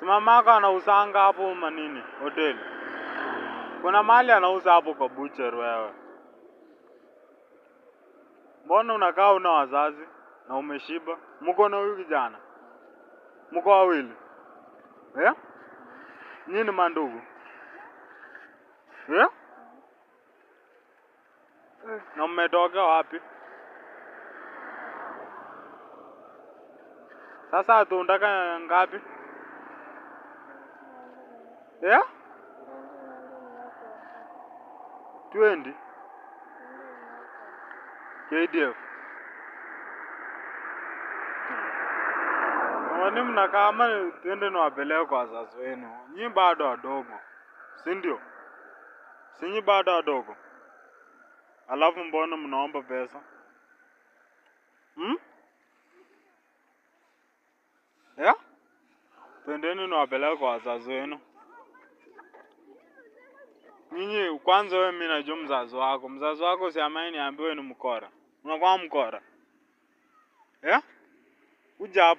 Simamaka anauzanga hapo manini hoteli. Kuna mali anauza hapo kwa butcher wewe. Mbona unakaa una wazazi na umeshiba? Mko na huyu kijana. Mko wawili. Eh? nini ni mandugu. Eh? Na mmetoka wapi? Sasa tunataka ngapi? Yeah? Twendi KDF. Wani mnakaa ama twende niwapeleka wazazi wenu? Nyi bado wadogo, si ndio? Si nyi bado wadogo? Alafu mbona mnaomba pesa hmm? Yeah? Twendeni niwapeleka wazazi wenu. Kwanza wewe, mimi najua mzazi wako. Mzazi wako si amani, niambiwe ni mkora. Unakuwa mkora, yeah? Uja hapo.